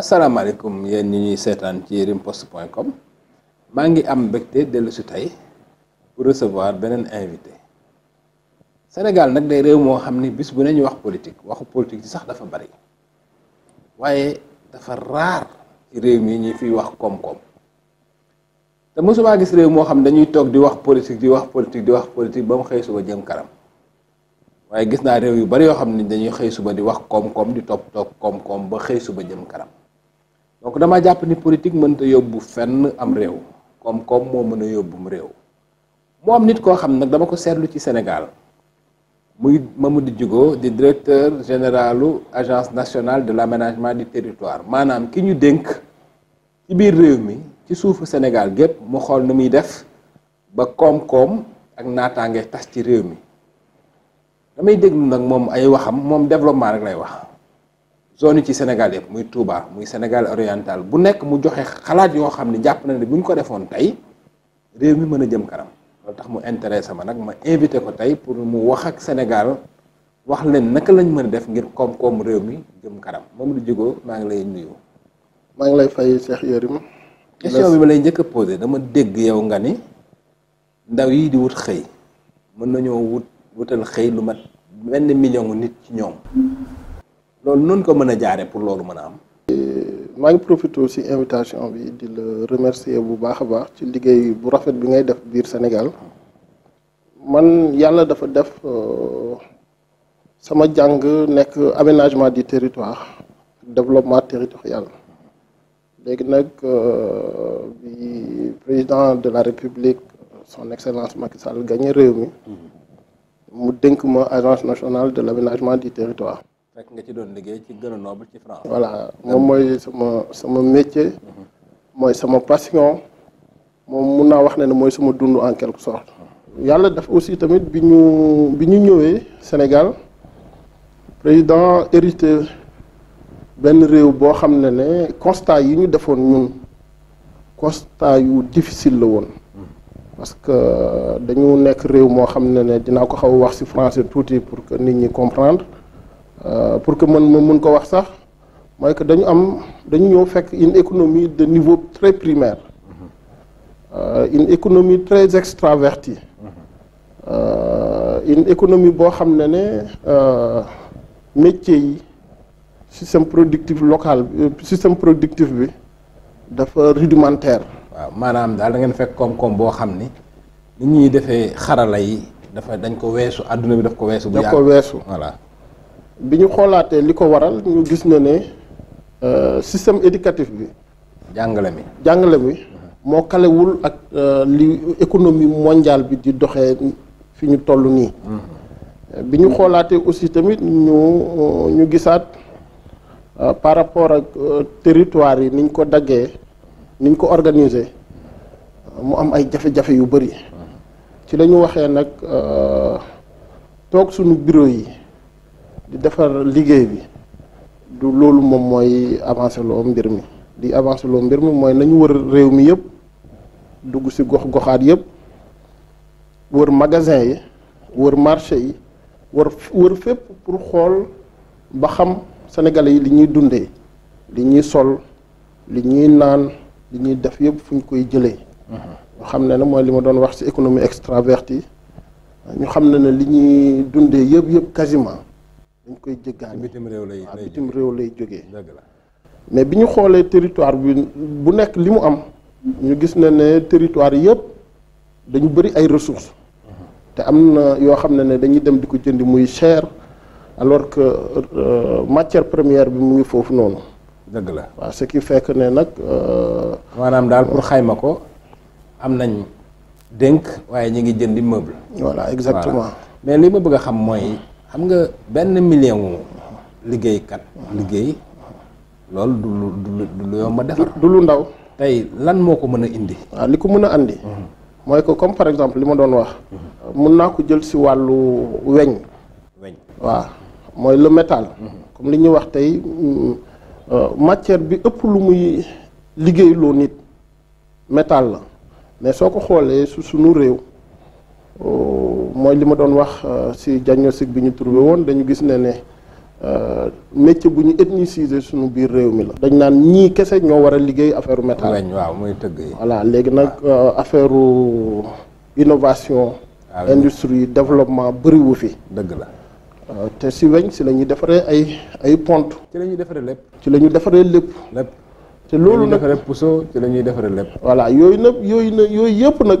Assalamualaikum ya ñi ñuy seetaan ci rimpost.com point ngi am bekté delu ci tay pour recevoir benen invité Sénégal nak day réew mo xamni bis bu ne wax politique waxu politique ci sax dafa bari waaye dafa rar ci réew mi ñi fi wax kom gis réew mo xam dañuy tok di wax politique di wax politique di wax politique bam xey suba jëm karam waaye gis na réew yu bari yo xamni dañuy xey suba di wax kom kom di top top kom kom ba xey suba jëm karam donc dama jàpp ni politique mënta yóbbu fenn am réew koom-koom moo mën a yóbbum réew moom nit koo xam nag dama ko seetlu ci Sénégal muy Mamadou Djigo di directeur généralu agence nationale de la ménagement du territoire maanaam ki ñu dénk ci biir réew mi ci suufu Sénégal gépp mu xool nu muy def ba koom-koom ak naataange tas ci réew mi damay déglu nag moom ay waxam moom développement rek lay wax zone yi ci Sénégal yëpp muy Touba muy Sénégal oriental bu nekk mu joxe xalaat yoo xam ne jàpp na ne bu ñu ko defoon tey réew mi mën a jëm kanam loolu tax mu intéressé ma nag ma invité ko tey pour mu wax ak Sénégal wax leen naka lañ mën a def ngir koom-koom réew mi jëm kanam Mamadou Djigo maa ngi lay nuyu. maa ngi lay fay Cheikh Yérim. question bi ma lay njëkk a posé dama dégg yow nga ni ndaw yi di wut xëy mën nañoo wut wutal xëy lu mat benn million nit ci ñoom. loolu noonu ko mën a pour loolu madame Je profite aussi de l'invitation de invitation bi di le remercier bu baax a baax ci liggéey bu rafet bi Sénégal man yàlla dafa def euh, sama aménagement du territoire développement territorial léegi nag euh, président de la République son excellence Macky Sall gagné réumi Je mu à agence nationale de l'aménagement du territoire nga ci doon liggéey ci gën a ci France. voilà moom mooy sama sama métier. Mhm. mooy sama passion. moom mun naa wax ne ne mooy sama dund en quelque sorte. yàlla def aussi tamit bi ñu bi Sénégal président hérité Ben réew boo xam ne constat yi ñu defoon ñun constat yu difficile la won. Mhm. parce que euh, dañu nekk réew moo xam ne ne dinaa ko xaw a wax ci français tuuti pour que nit ñi comprendre. Euh, pour que mon mon ko wax sax mooy que dañu am dañu ñëw fekk une économie de niveau très primaire euh, une économie très extravertie euh, une économie bo xamné né euh, métier yi système productif local système productif bi dafa rudimentaire. waaw manam dal da ngeen fekk comme comme bo xamné ni nit ñuy defee xarala yi dafa dañ ko weesu aduna bi daf ko weesu. bu yaa daf ko weesu voilà. bi ñu xoolaatee li ko waral ñu gis na ne euh, système éducatif bi. jàngale mi jàngale mi moo kalewul ak euh, li économie mondiale bi di doxee fi ñu toll nii. Mm-hmm. bi ñu xoolaatee aussi tamit ñu euh, ñu gisaat par rapport ak territoire yi niñ ko daggee niñ ko organiser mu am ay jafe-jafe yu bëri. Mm-hmm. ci la waxee nag toog suñu bureau yi. di defar liggéey bi du loolu moom mooy avance loo mbir mi di avance loo mbir mi mooy nañu wër réew mi yëpp dugg ci gox goxaat yëpp wër magasin yi wër marché yi wër wër fépp pour xool ba xam sénégalais yi li ñuy dundee li ñuy sol li ñuy naan li ñuy def yëpp fu ñu koy jëlee ñu mm-hmm. xam ne ne mooy li ma doon wax ci économie extravertie ñu xam ne ne li ñuy dundee yëpp yëpp quasiment ñu koy jéggaane bitim réew lay waaw bitim réew lay jógee dëgg la mais bi ñu xoolee territoire bi bu nekk li mu am ñu gis na ne territoire yëpp dañu bëri ay ressources te am na yoo xam ne ne dañuy dem di ko jëndi muy cher alors que euh, matière première bi mu ngi foofu noonu dëgg la waaw ce qui fekk ne nag euh, maanaam daal pour euh, xayma ko am nañ dénk waaye ñu ngi jëndi meuble voilà exactement mais li ma bëgg a xam mooy xam nga benn million liggéeykat liggéey loolu du lu du lu yomb a defar du lu ndaw tey lan moo ko mën a indi waaw ah, li ko mën a indi mhm. mooy que comme par exemple li ma doon wax mun naa ko jël si wàllu weñ weñ waaw mooy le métal mhm. comme li ñuy wax tey euh, matière bi ëpp lu muy liggéey loo nit métal la mais soo ko xoolee su suñu réew euh, mooy li ma doon wax ci euh, diagnostic bi ñu trouvé woon dañu gis ne ne euh, métier bu ñu ethnicisé suñu biir réew mi la. dañ naan ñii kese ñoo war a liggéey affaire métal. waaw mooy tëgg yi. léegi nag euh, affaire innovation. Ah, industrie développement bëriwu fi. dëgg la. te si weñ si lañuy defaree ay ay pont. ci la ñuy defaree lépp. ci la ñuy defaree lépp. te loolu nag ci la ñuy defaree puso yooyu nag yooyu nag yooyu yëpp nag.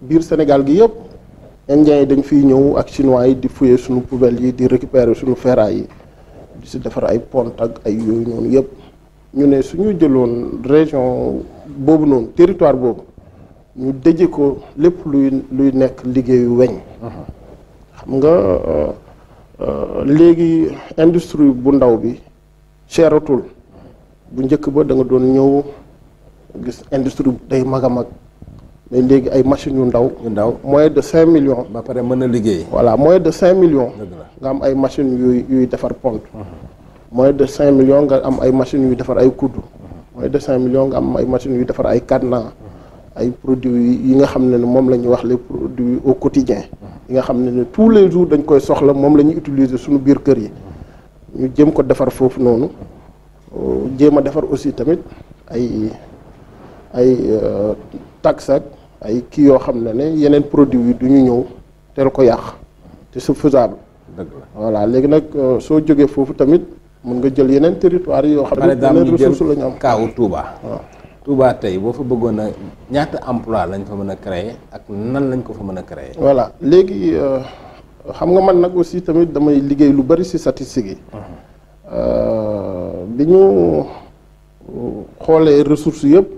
biir Sénégal gi yëpp Indiens yi dañ fiy ñëw ak chinois yi di fouiller suñu poubelles yi di récupérer suñu ferraille yi di si defar ay pont ak ay yooyu noonu yëpp ñu ne suñu jëloon région boobu noonu territoire boobu ñu dëje ko lépp luy luy nekk liggéeyu weñ xam nga euh, euh, léegi industrie bu ndaw bi seeratul bu njëkk ba danga doon ñëw gis industrie day mag a mag mais machines moins de 5 millions. voilà moins de 5 millions. nga machines sont de pompe. Mhm. moins de 5 millions nga machines faire ay moins de 5 millions nga am ay machines faire mhm. cadenas. Mhm. ay produits yi nga les produits au quotidien. nga tous les jours dañ koy soxla utiliser suñu biir kër yi. ñu ko de euh, aussi tamit ay ay euh, ay kii yoo xam ne ne yeneen produit yi du ñu ñëw teel ko yàq te c'est faisable. dëgg léegi nag euh, soo jógee foofu tamit mun nga jël yeneen territoire yoo xam ne yeneen ressource la ñu am kaawu Touba. waaw Touba tey boo fa bëggoon a ñaata emploi lañ fa mën a créer ak nan lañ ko fa mën a créer. voilà léegi euh, xam nga man nag aussi tamit damay liggéey lu bari si statistiques yi. Mhm. Euh, bi ñu xoolee ressources yëpp.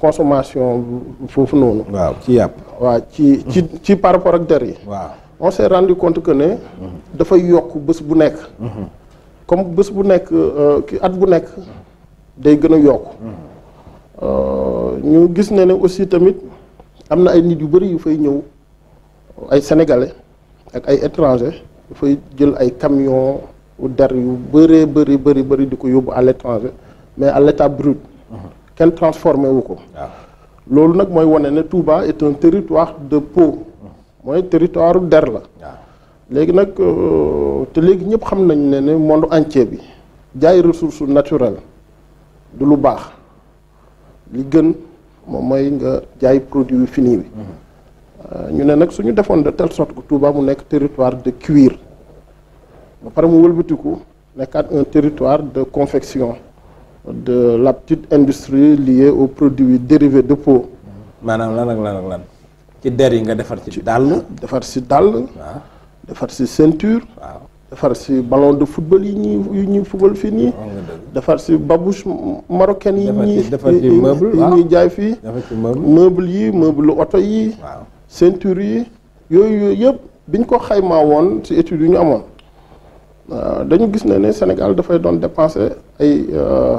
consommation par rapport à on s'est rendu compte que da fay bu comme de bu nek euh, ki at bu day a euh ñu gis aussi tamit ay nit yu yu sénégalais ak ay étrangers yu fay jël ay yu bëri bëri bëri à l'étranger mais à l'état brut kenn transformé wu ko. Ah. loolu nag mooy Touba est un territoire de peau. un territoire d'herbe. la. Ah. léegi nag euh, te léegi ñëpp xam monde entier bi jaay ressource naturelle du lu baax li gën nga produit fini mm-hmm. euh, ñu nous de telle sorte que Touba est un territoire de cuir par pare du coup, n'est un territoire de confection de la petite industrie liée aux produits dérivés de peau. maanaam lan ak lan ak lan ci der yi nga defar ci dal, defar ci dàll. waaw defar si ceinture. waaw defar ballon de football yi ñuy yi football fini, nii. defar ci babouche marocaine yi. ñuy defar ci meuble yi ñuy jaay fi, defar ci meuble meuble yi meuble auto yi. ceinture yi. yooyu yooyu yëpp biñ ko xayma won ci étude yu ñu amoon dañu gis ne ne Sénégal fay doon dépenser ay. Euh,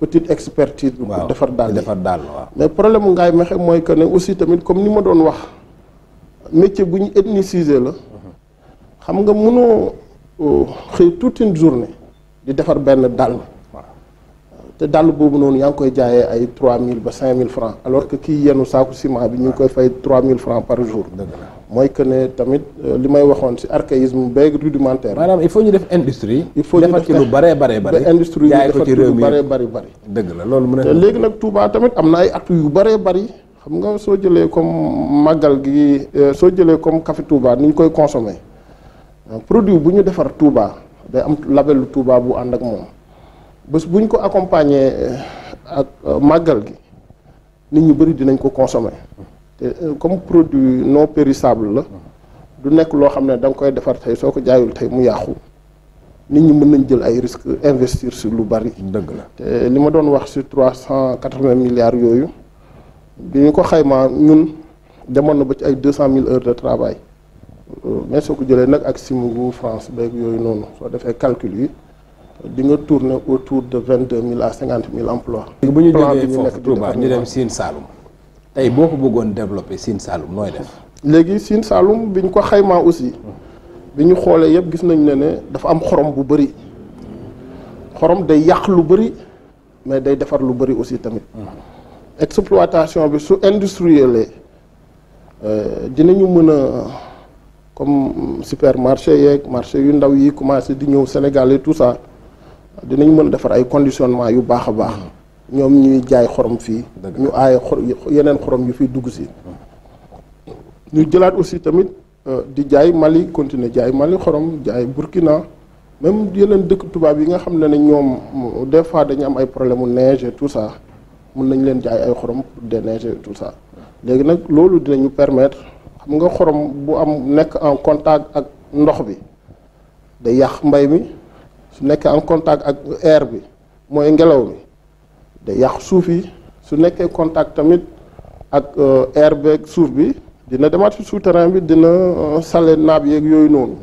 petite expertise. de pour defar de defar daal mais problème mu Ngaye Mékhé que aussi tamit comme ni ma doon wax métier bu ethnicisé la. xam nga mënoo euh, toute une journée di defar ben dàll. te dalle, boobu noonu yaa ngi koy 3 ay 3000 ba 5000 francs alors que kii yenu saaku ciment bi ñu koy fay 3000 francs par jour. moy que né tamit euh, limay waxone ci archaïsme beug rudimentaire. manam il faut ñu def industrie. il faut ñu def ci lu bare bare bare industrie yi defar ci lu bare bare bare deug la lolu mën légui nak Touba tamit amna ay atu yu bare bare xam nga so jëlé comme magal gi euh, so jëlé comme café Touba ni ñu koy consommer produit bu ñu defar Touba day am labelu Touba bu and ak mom bés buñ ko accompagner euh, ak magal gi nit ñu bari dinañ ko consommer Euh, comme produit non périssable, du nek lo xamne dang koy defar tay soko jaayul des mu yaaxu nit ñi mëna jël ay investir sur lu bari deug la té 380 milliards yoyu biñu ko de 200 000 heures de travail euh, mais soko jëlé nak ak simu France bay yoyu nonu so calcul tourner autour de 22 000 à 50 000 emplois tey boo ko bëggoon développer Sine saalum nooy def. léegi Sine Saloum bi ñu ko xaymaa aussi bi ñu xoolee yëpp gis nañ ne ne dafa am xorom bu bëri xorom day yàq lu bëri mais day defar lu bëri aussi tamit. Mm. exploitation bi su industrielle euh, dinañu mën a comme supermarché yeeg marché yu ndaw yi commencé di ñëw Sénégal et tout ça dinañ mën a defar ay conditionnement yu baax a baax. ñoom ñuy jaay xorom fii ñu aaye xor yeneen xorom yu fiy dugg si ñu jëlaat aussi tamit euh, di jaay Mali continuer jaay Mali xorom jaay Burkina même yeneen dëkk tubaab yi nga xam ne ne ñoom des fois dañu am ay problème mu neige et tout ça mun nañ leen jaay ay xorom pour déneiger tout ça léegi nag loolu dinañu permettre xam nga xorom bu am nekk en contact ak ndox bi da yàq mbay mi su nekkee en contact ak air bi mooy ngelaw mi te yàq suuf yi su nekkee contact tamit ak euh, air beeg suuf bi dina demaat ci souterrain bi dina euh, sale naab yeeg non. noonu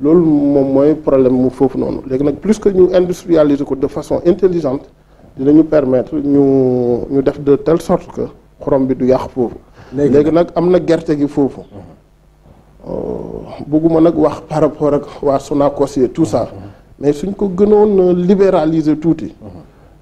loolu moom problème mu foofu noonu léegi plus que ñu industrialiser ko de façon intelligente dinañu permettre ñu ñu def de telle sorte que xorom bi du yàq foofu. léegi nag am na gerte gi foofu. Euh, bëgguma nag wax par rapport ak waa Sonacos tout ça mhm. mais suñ ko gënoon libéraliser tuuti. Mhm.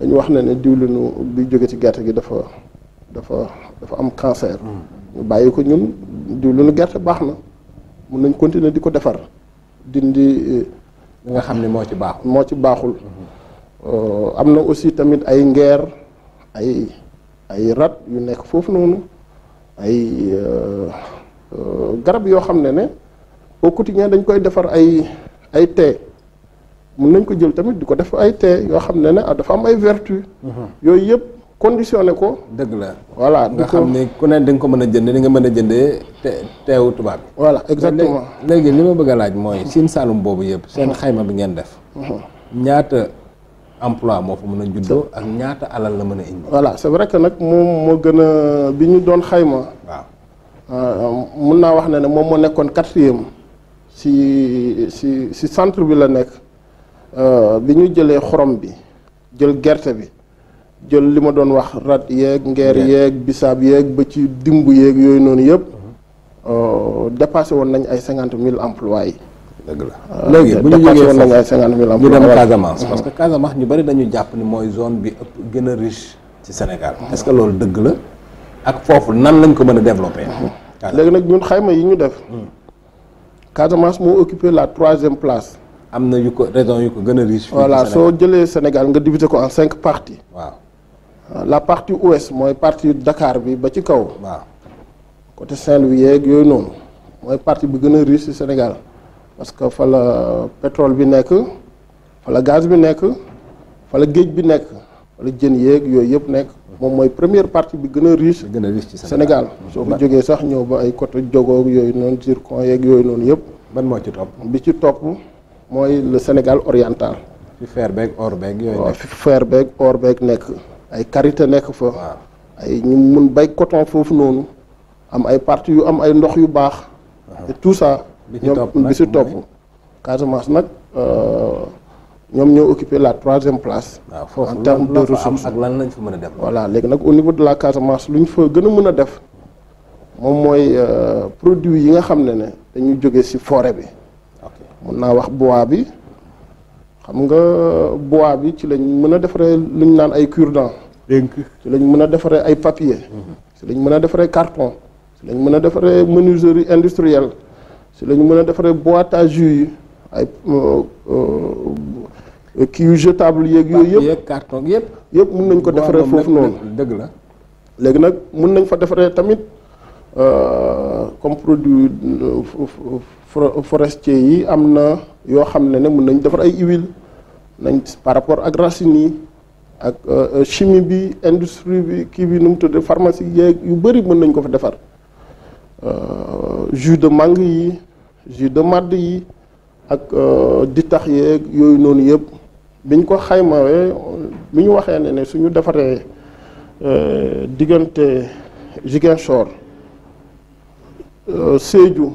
dañu wax na ne diwlinu bi jóge ci gerte gi dafa dafa dafa am cancer. Hmm. ñu bàyyi ko ñun diwlinu gerte baax na mun nañ continuer di ko defar dindi. li nga xam ne moo ci baaxul moo ci baaxul. Hmm. Euh, am na aussi tamit ay ngeer ay ay rat yu nekk foofu noonu ay euh, euh, garab yoo xam ne ne au quotidien dañ koy defar ay ay thé. mun nañ ko jël tamit di ko def ay thé yoo xam ne ne ah dafa am ay vertu mhm. yooyu yëpp conditionné ko. dëgg la voilà nga xam ne ku ne da ko mën a jënd ni nga mën a jëndee te teewu tubaab bi. voilà exactement léegi li ma bëgg a laaj mooy. Sine saalum boobu yëpp. Mhm. seen xayma bi ngeen def. Mhm. ñaata emploi moo fa mën a juddoo ak ñaata alal la mën a voilà c'est vrai que nag moom moo gën a bi ñu doon xayma. waaw euh, mun naa wax ne ne moom moo nekkoon quatrième si si si centre bi la nekk. Euh, bi ñu jëlee xorom bi jël gerté bi jël li doon wax rat yeeg ngeer yeeg bisab yeeg ba ci dimbu dimb yoy yooyu yépp mhm. euh dépassé won nañ ay 50000 mille emplois yi. dëgg la euh, léegi bu ñu jógee nañ ay 50000 mille emplois dem Casamance. parce que mhm. Casamance ñu bari dañu japp ni moy zone bi ëpp gën riche ci Sénégal. Mhm. est-ce que loolu dëgg la ak fofu nan lañ ko mëna développer légui nak nag ñun xayma yi ñu def. Casamance mo occuper la troisième place amna na raison yu gëna riche. voilà so jëlé Sénégal nga diviser ko en 5 parties. waaw euh, la partie ouest moy partie Dakar bi ba ci kaw. waaw côté Saint-Louis yeeg yoy non moy partie bi gëna riche Sénégal parce que fa la pétrole bi nek fa la gaz bi nek fa la géej bi nek wala la jën yoy yooyu yëpp nekk. moom mooy première partie bi gëna riche. gëna riche ci Sénégal so ko jógee sax ñëw ba ay côté Diogo yoy non circon yeeg yoy non yëpp. ban mo ci top bi ci top moy le Sénégal oriental. fi fer beeg or nek yooyu. waaw fi fer beeg or ay karité nek fa. ay ñu mun bay coton fofu nonu am ay parties yu am ay ndox yu bax et tout ça. ñom bi si topp Casamance euh ñom ñoo occuper la 3e place. en termes de ressources ak lan lañ fa mëna def. voilà légui nak au niveau de la Casamance luñ ñu fa gën a mën a def moom mooy euh, produit yi nga xamné ne dañu joggé ci forêt bi. mun naa wax bois bi xam nga bois bi ci lañ mën a defaree lu ñu naan ay cure-dents. ci lañ mën a defaree ay papier. Mhm. ci lañ mën a defaree carton. ci lañ mën a defaree menuiserie industrielle. ci lañ mën a defaree bois à jus yi ay euh, euh, kii yu jetable yeeg yooyu yëpp yëpp. yëpp mun nañ ko defaree foofu noonu dëgg la. léegi nag mun nañ fa defaree tamit euh, comme produit. forestier yi am na yoo xam ne ne mun nañ defar ay huile nañ par rapport ak racines yi ak euh, euh, chimie bi industrie bi kii bi nu mu tudd pharmacie yeeg yu bëri mën nañ ko fa defar euh, jus de mangue yi jus de madd yi ak ditax yeeg yooyu noonu yëpp biñ ko xaymawee bi ñu waxee ne ne suñu defaree diggante Ziguinchor Sédhiou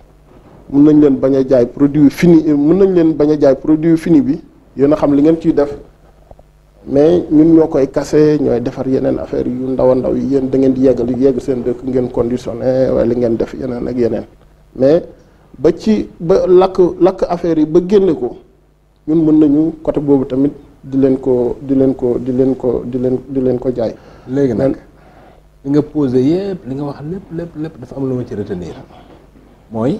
mën nañ leen bañ a jaay produit fini mën nañ leen bañ a jaay produit fini bi yéen a xam li ngeen ciy def mais ñun ñoo koy kase ñooy defar yeneen affaire yu ndaw a ndaw yi yéen da ngeen di yeggal yegg seen dëkk ngeen conditionné wala li ngeen def yeneen ak yeneen mais ba ci ba lakk lakk affaire yi ba génne ko ñun mën nañu côté boobu tamit di leen ko di leen ko di leen ko di leen di leen ko jaay léegi nag li nga posé yépp li nga wax lépp lépp lépp dafa am lu ma ci retenir mooy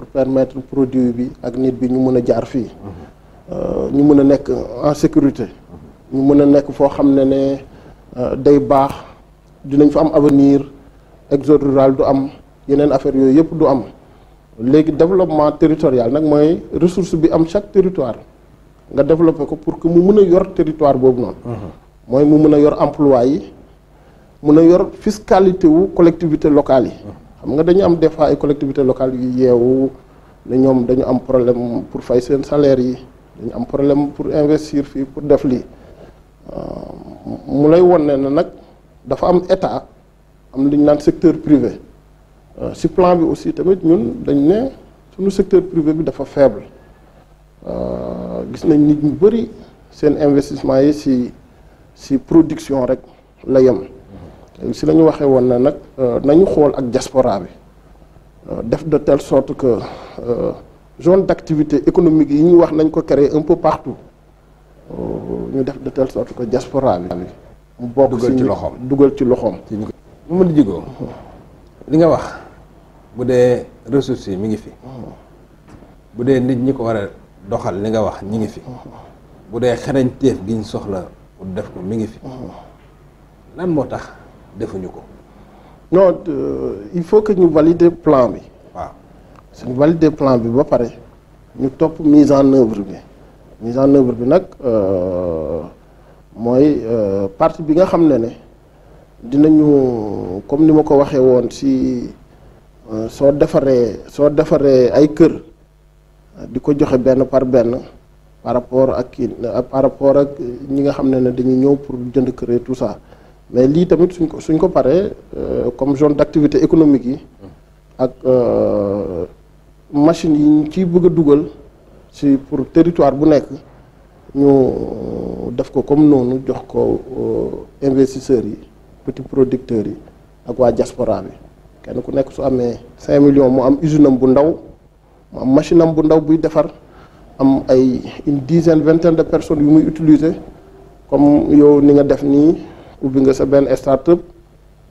pour permettre produit bi ak nit bi ñu mën a jaar fii euh, ñu en sécurité nous mën a nekk foo xam ne ne euh, day baax dinañ fa am avenir exode rural du am yeneen affaire yooyu yëpp du am le développement territorial nag moy ressource bi am chaque territoire nga développé ko pour que mu mën yor territoire boobu noonu mooy mu mën a yor emploi yi fiscalité wu collectivité locale yi xam nga dañu am des fois ay collectivités locales yu yeewu ne ñoom dañu am problème pour fay seen salaires, yi dañu am problème pour investir fii pour def lii euh, mu lay won ne nag dafa am état am li ñu secteur privé euh, si plan bi aussi tamit ñun dañ ne suñu secteur privé bi dafa faible euh, gis nañ nit ñu bëri seen investissement yi si si production rek la yem si la ñu waxee woon na nag euh, nañu xool ak jaspora bi euh, def de telle sorte que euh, zone d'activité économique yi ñu wax nañ ko créer un peu partout ñu def de telle sorte que diaspora bi mu bokk ci loxoom dugal ci loxoom mu mën di jigoo li nga wax bu dee ressources yi mi ngi fi bu dee nit ñi ko war doxal li nga wax ñi ngi fi bu dee xarañteef gi ñu soxla pour def ko mi ngi fi lan moo tax defuñu ko. non euh, il faut que ñu valider plan bi. waaw ah. suñu valider plan bi ba pare ñu top mise en œuvre bi mise en œuvre bi nag euh, mooy euh, partie bi nga xam ne dinañu comme ni ma ko waxee woon si soo defaree soo defaree ay kër di ko joxe par benn. par rapport ak kii par rapport ak ñi nga xam ne dañuy ñëw pour jënd kër tout ça mais li tamit suñ ko paré euh, comme zone d'activité économique yi hmm. ak euh, machine yi ci bëgg pour territoire bu nek ñu def ko comme nonu jox ko euh, investisseurs yi petits producteurs yi ak wa diaspora bi kenn ku millions mu am usine bu ndaw machine bu ndaw am une dizaine vingtaine de personnes yu muy utiliser comme yow ni nga def ubi nga sa ben startup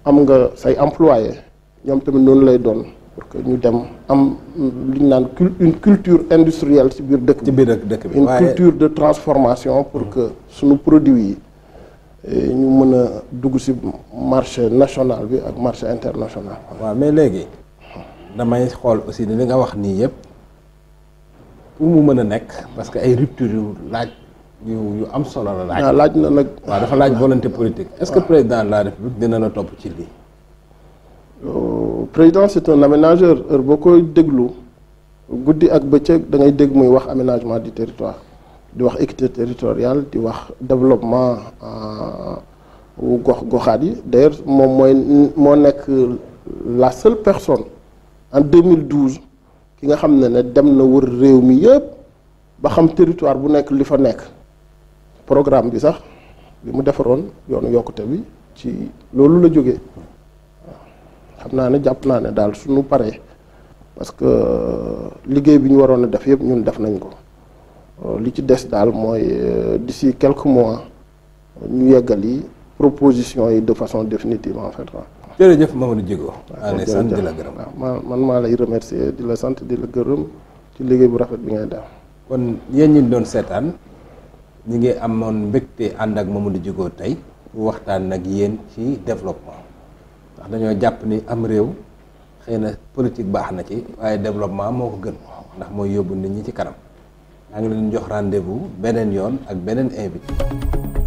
am nga say employé ñom tamit non lay doon pour que ñu dem am liñ ñu une culture industrielle ci biir dëkk ci biir dëkk bi une culture de transformation pour que suñu produit yi eh, ñu mën a dugg ci marché national bi ak marché international waaw mais léegi damay xool aussi ni nga wax nii yëpp pour mu mën a nekk parce que ay rupture yu laaj volonté politique. est-ce que président de la république euh, président c'est un aménageur heure ak da ngay du territoire di wax équité territoriale di développement ou euh, gox d'ailleurs mom moy la seule personne en 2012 qui nga xam ne dem na territoire Program bi sax bi mu defaron yoonu yokute bi ci lolou la joge xamna naa ne jàpp naa ne dal suñu paree parce que euh, liggéey bi ñu warona def yeb ñun def nañ ko euh, li ci des dal moy euh, d'ici quelques mois ñu yi proposition yi de façon définitive en fait jere jeuf Mamadou Djigo. maa sant di la gërëm man ma lay remercier di la sant di la gërëm ci liggéey bu rafet bi ngay def. kon yeen ñi doon sétane ñi ngi amoon mbégte ànd ak Mamadou Djigo tey waxtaan nag yéen ci développement ndax dañoo jàpp ni am réew xëy na politique baax na ci waaye développement moo ko gën ndax mooy yóbbu nit ñi ci kanam maa ngi leen jox rendez-vous beneen yoon ak beneen invité.